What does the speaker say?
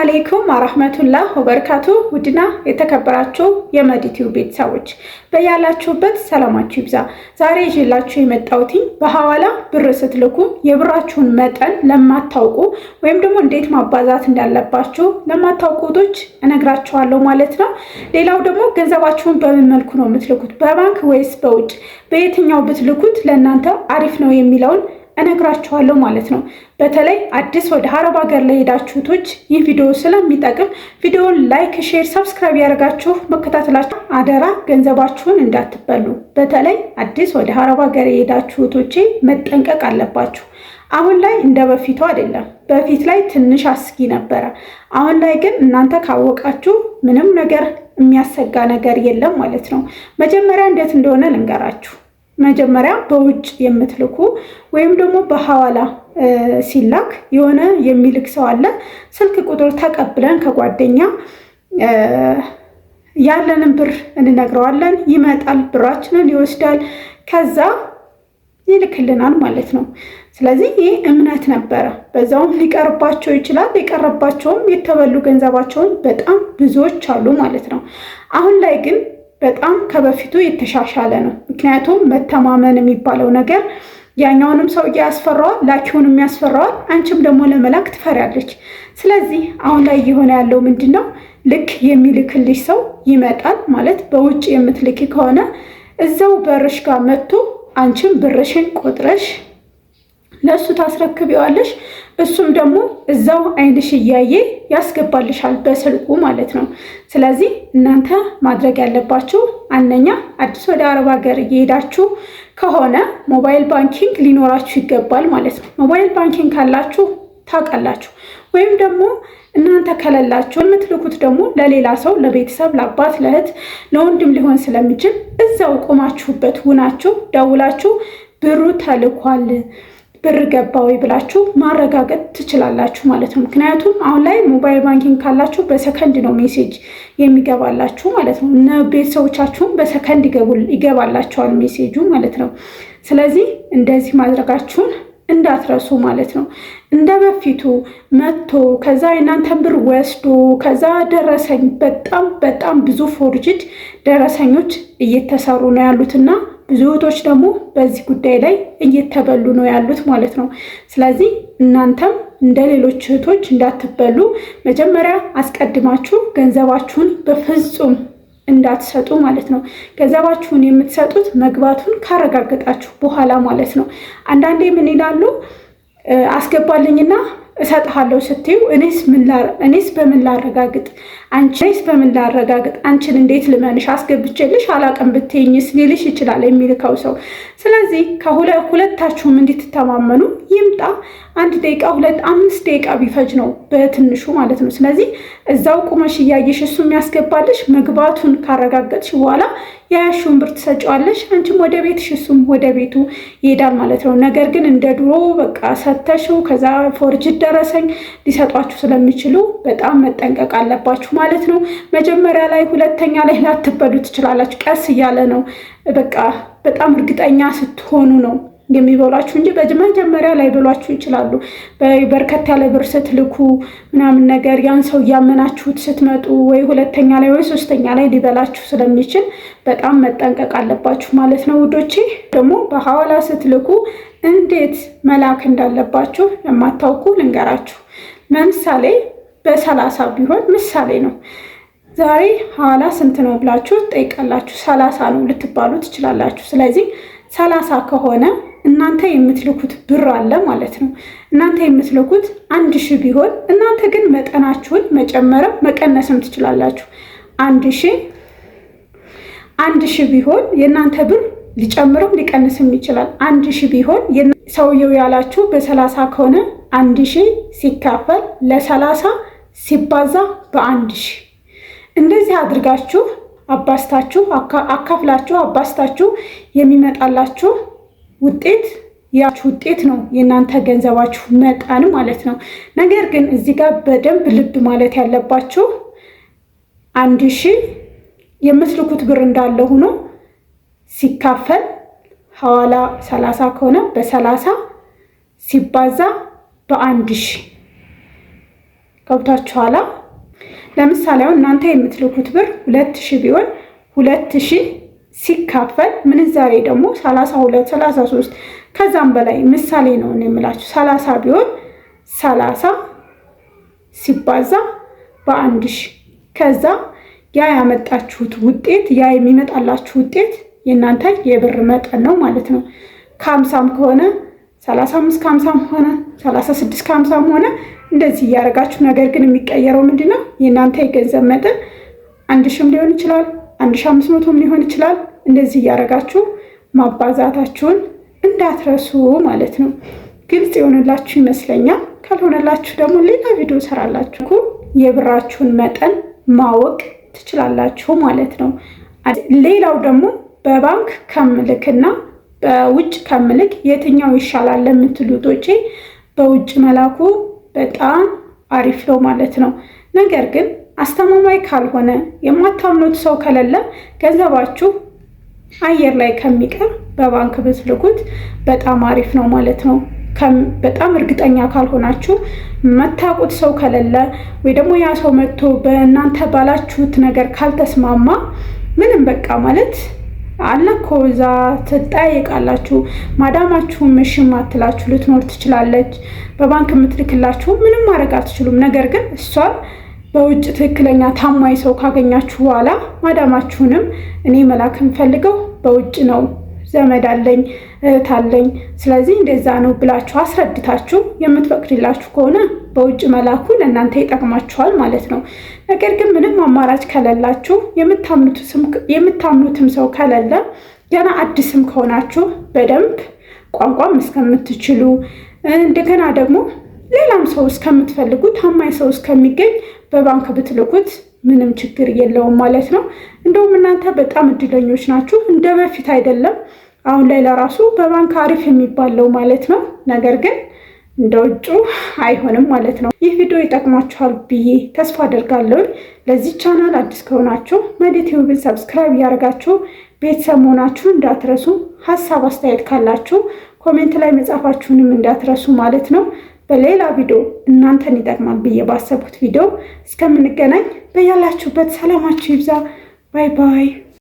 አለይኩም አራህመቱላህ ወበረካቱ ውድና የተከበራችሁ የመዲቲው ቤተሰቦች በያላችሁበት ሰላማችሁ ይብዛ። ዛሬ ይዤላችሁ የመጣሁትኝ በሐዋላ ብር ስትልኩ የብራችሁን መጠን ለማታውቁ ወይም ደግሞ እንዴት ማባዛት እንዳለባችሁ ለማታውቁቶች እነግራችኋለሁ ማለት ነው። ሌላው ደግሞ ገንዘባችሁን በምን መልኩ ነው የምትልኩት? በባንክ ወይስ በውጭ? በየትኛው ብትልኩት ለእናንተ አሪፍ ነው የሚለውን እነግራችኋለሁ ማለት ነው። በተለይ አዲስ ወደ አረብ ሀገር ለሄዳችሁቶች ይህ ቪዲዮ ስለሚጠቅም ቪዲዮን ላይክ፣ ሼር፣ ሰብስክራይብ ያደርጋችሁ መከታተላችሁ አደራ፣ ገንዘባችሁን እንዳትበሉ። በተለይ አዲስ ወደ አረብ ሀገር የሄዳችሁቶቼ መጠንቀቅ አለባችሁ። አሁን ላይ እንደ በፊቱ አይደለም። በፊት ላይ ትንሽ አስጊ ነበረ። አሁን ላይ ግን እናንተ ካወቃችሁ ምንም ነገር የሚያሰጋ ነገር የለም ማለት ነው። መጀመሪያ እንዴት እንደሆነ ልንገራችሁ። መጀመሪያ በውጭ የምትልኩ ወይም ደግሞ በሐዋላ ሲላክ የሆነ የሚልክ ሰው አለ። ስልክ ቁጥር ተቀብለን ከጓደኛ ያለንን ብር እንነግረዋለን። ይመጣል፣ ብራችንን ይወስዳል፣ ከዛ ይልክልናል ማለት ነው። ስለዚህ ይህ እምነት ነበረ። በዛውም ሊቀርባቸው ይችላል። የቀረባቸውም የተበሉ ገንዘባቸውን በጣም ብዙዎች አሉ ማለት ነው። አሁን ላይ ግን በጣም ከበፊቱ የተሻሻለ ነው። ምክንያቱም መተማመን የሚባለው ነገር ያኛውንም ሰውዬ ያስፈራዋል፣ ላኪውንም ያስፈራዋል። አንቺም ደግሞ ለመላክ ትፈሪያለች። ስለዚህ አሁን ላይ እየሆነ ያለው ምንድን ነው? ልክ የሚልክልሽ ሰው ይመጣል ማለት በውጭ የምትልኪ ከሆነ እዛው በርሽ ጋር መጥቶ አንቺም ብርሽን ቆጥረሽ ለእሱ ታስረክቢዋለሽ። እሱም ደግሞ እዛው አይንሽ እያየ ያስገባልሻል በስልኩ ማለት ነው። ስለዚህ እናንተ ማድረግ ያለባችሁ አንደኛ አዲስ ወደ አረብ ሀገር እየሄዳችሁ ከሆነ ሞባይል ባንኪንግ ሊኖራችሁ ይገባል ማለት ነው። ሞባይል ባንኪንግ ካላችሁ ታውቃላችሁ ወይም ደግሞ እናንተ ከሌላችሁ የምትልኩት ደግሞ ለሌላ ሰው ለቤተሰብ፣ ለአባት፣ ለእህት፣ ለወንድም ሊሆን ስለሚችል እዛው ቆማችሁበት ውናችሁ ደውላችሁ ብሩ ተልኳል ብር ገባ ወይ ብላችሁ ማረጋገጥ ትችላላችሁ ማለት ነው። ምክንያቱም አሁን ላይ ሞባይል ባንኪንግ ካላችሁ በሰከንድ ነው ሜሴጅ የሚገባላችሁ ማለት ነው። እነ ቤተሰቦቻችሁም በሰከንድ ይገባላቸዋል ሜሴጁ ማለት ነው። ስለዚህ እንደዚህ ማድረጋችሁን እንዳትረሱ ማለት ነው። እንደ በፊቱ መጥቶ ከዛ የእናንተን ብር ወስዶ ከዛ ደረሰኝ በጣም በጣም ብዙ ፎርጅድ ደረሰኞች እየተሰሩ ነው ያሉትና ብዙ እህቶች ደግሞ በዚህ ጉዳይ ላይ እየተበሉ ነው ያሉት ማለት ነው። ስለዚህ እናንተም እንደ ሌሎች እህቶች እንዳትበሉ መጀመሪያ አስቀድማችሁ ገንዘባችሁን በፍጹም እንዳትሰጡ ማለት ነው። ገንዘባችሁን የምትሰጡት መግባቱን ካረጋገጣችሁ በኋላ ማለት ነው። አንዳንዴ ምን ይላሉ አስገባልኝና እሰጥሃለሁ ስትዩ እኔስ በምን ላረጋግጥ አንቺስ በምን ላረጋግጥ አንቺን እንዴት ልመንሽ አስገብቼልሽ አላቅም ብትይኝስ ሊልሽ ይችላል የሚልከው ሰው። ስለዚህ ከሁለታችሁም እንድትተማመኑ ይምጣ አንድ ደቂቃ ሁለት አምስት ደቂቃ ቢፈጅ ነው በትንሹ ማለት ነው። ስለዚህ እዛው ቁመሽ እያየሽ እሱ የሚያስገባልሽ መግባቱን ካረጋገጥሽ በኋላ የያሹን ብር ትሰጫዋለሽ፣ አንቺም ወደ ቤትሽ እሱም ወደ ቤቱ ይሄዳል ማለት ነው። ነገር ግን እንደ ድሮ በቃ ሰተሽው ከዛ ፎርጅ ደረሰኝ ሊሰጧችሁ ስለሚችሉ በጣም መጠንቀቅ አለባችሁ ማለት ነው። መጀመሪያ ላይ ሁለተኛ ላይ ላትበሉ ትችላላችሁ። ቀስ እያለ ነው በቃ በጣም እርግጠኛ ስትሆኑ ነው የሚበሏችሁ እንጂ በመጀመሪያ ላይ ብሏችሁ ይችላሉ። በርከት ያለ ብር ስትልኩ ምናምን ነገር ያን ሰው እያመናችሁት ስትመጡ ወይ ሁለተኛ ላይ ወይ ሶስተኛ ላይ ሊበላችሁ ስለሚችል በጣም መጠንቀቅ አለባችሁ ማለት ነው ውዶቼ። ደግሞ በሐዋላ ስትልኩ እንዴት መላክ እንዳለባችሁ የማታውቁ ልንገራችሁ። ለምሳሌ በሰላሳ ቢሆን ምሳሌ ነው። ዛሬ ሐዋላ ስንት ነው ብላችሁ ጠይቃላችሁ። ሰላሳ ነው ልትባሉ ትችላላችሁ። ስለዚህ ሰላሳ ከሆነ እናንተ የምትልኩት ብር አለ ማለት ነው። እናንተ የምትልኩት አንድ ሺህ ቢሆን እናንተ ግን መጠናችሁን መጨመርም መቀነስም ትችላላችሁ። አንድ ሺህ አንድ ሺህ ቢሆን የእናንተ ብር ሊጨምርም ሊቀንስም ይችላል። አንድ ሺህ ቢሆን ሰውየው ያላችሁ በሰላሳ ከሆነ አንድ ሺህ ሲካፈል ለሰላሳ ሲባዛ በአንድ ሺህ እንደዚህ አድርጋችሁ አባስታችሁ አካፍላችሁ አባስታችሁ የሚመጣላችሁ ውጤት ያችሁ ውጤት ነው የእናንተ ገንዘባችሁ መጠን ማለት ነው። ነገር ግን እዚህ ጋር በደንብ ልብ ማለት ያለባችሁ አንድ ሺ የምትልኩት ብር እንዳለ ሆኖ ሲካፈል ሐዋላ ሰላሳ ከሆነ በሰላሳ ሲባዛ በአንድ ሺ ገብታችኋላ። ለምሳሌ አሁን እናንተ የምትልኩት ብር ሁለት ቢሆን ሁለት ሺህ ሲካፈል ምንዛሬ ደግሞ ሰላሳ ሁለት ሰላሳ ሶስት ከዛም በላይ ምሳሌ ነው የምላችሁ ሰላሳ ቢሆን ሰላሳ ሲባዛ በአንድ ከዛ ያ ያመጣችሁት ውጤት ያ የሚመጣላችሁ ውጤት የእናንተ የብር መጠን ነው ማለት ነው። ከሀምሳም ከሆነ 35 ከ50 ሆነ 36 50 ሆነ እንደዚህ እያደረጋችሁ ነገር ግን የሚቀየረው ምንድን ነው? የእናንተ የገንዘብ መጠን አንድ ሺህም ሊሆን ይችላል፣ አንድ ሺህ አምስት መቶም ሊሆን ይችላል። እንደዚህ እያደረጋችሁ ማባዛታችሁን እንዳትረሱ ማለት ነው። ግልጽ የሆነላችሁ ይመስለኛል። ካልሆነላችሁ ደግሞ ሌላ ቪዲዮ ሰራላችሁ። የብራችሁን መጠን ማወቅ ትችላላችሁ ማለት ነው። ሌላው ደግሞ በባንክ ከምልክና በውጭ ከምልክ የትኛው ይሻላል ለምትሉ እህቶቼ በውጭ መላኩ በጣም አሪፍ ነው ማለት ነው። ነገር ግን አስተማማኝ ካልሆነ የማታምኑት ሰው ከሌለ ገንዘባችሁ አየር ላይ ከሚቀር በባንክ ብትልኩት በጣም አሪፍ ነው ማለት ነው። በጣም እርግጠኛ ካልሆናችሁ መታቁት ሰው ከሌለ ወይ ደግሞ ያ ሰው መጥቶ በእናንተ ባላችሁት ነገር ካልተስማማ ምንም በቃ ማለት አለ እኮ እዛ ትጠያየቃላችሁ። ማዳማችሁም እሺ ማትላችሁ ልትኖር ትችላለች። በባንክ የምትልክላችሁ ምንም ማድረግ አትችሉም። ነገር ግን እሷን በውጭ ትክክለኛ ታማኝ ሰው ካገኛችሁ በኋላ ማዳማችሁንም እኔ መላክ የምፈልገው በውጭ ነው ዘመድ አለኝ እህት አለኝ፣ ስለዚህ እንደዛ ነው ብላችሁ አስረድታችሁ የምትፈቅድላችሁ ከሆነ በውጭ መላኩ ለእናንተ ይጠቅማችኋል ማለት ነው። ነገር ግን ምንም አማራጭ ከሌላችሁ የምታምኑትም ሰው ከሌለ ገና አዲስም ከሆናችሁ በደንብ ቋንቋም እስከምትችሉ እንደገና ደግሞ ሌላም ሰው እስከምትፈልጉ ታማኝ ሰው እስከሚገኝ በባንክ ብትልኩት ምንም ችግር የለውም ማለት ነው። እንደውም እናንተ በጣም እድለኞች ናችሁ። እንደ በፊት አይደለም። አሁን ላይ ለራሱ በባንክ አሪፍ የሚባለው ማለት ነው። ነገር ግን እንደ ውጩ አይሆንም ማለት ነው። ይህ ቪዲዮ ይጠቅማችኋል ብዬ ተስፋ አደርጋለሁ። ለዚህ ቻናል አዲስ ከሆናችሁ መዲቲዩብን ሰብስክራይብ እያደረጋችሁ ቤተሰብ መሆናችሁ እንዳትረሱ። ሀሳብ አስተያየት ካላችሁ ኮሜንት ላይ መጻፋችሁንም እንዳትረሱ ማለት ነው። በሌላ ቪዲዮ እናንተን ይጠቅማል ብዬ ባሰብኩት ቪዲዮ እስከምንገናኝ በያላችሁበት ሰላማችሁ ይብዛ። ባይ ባይ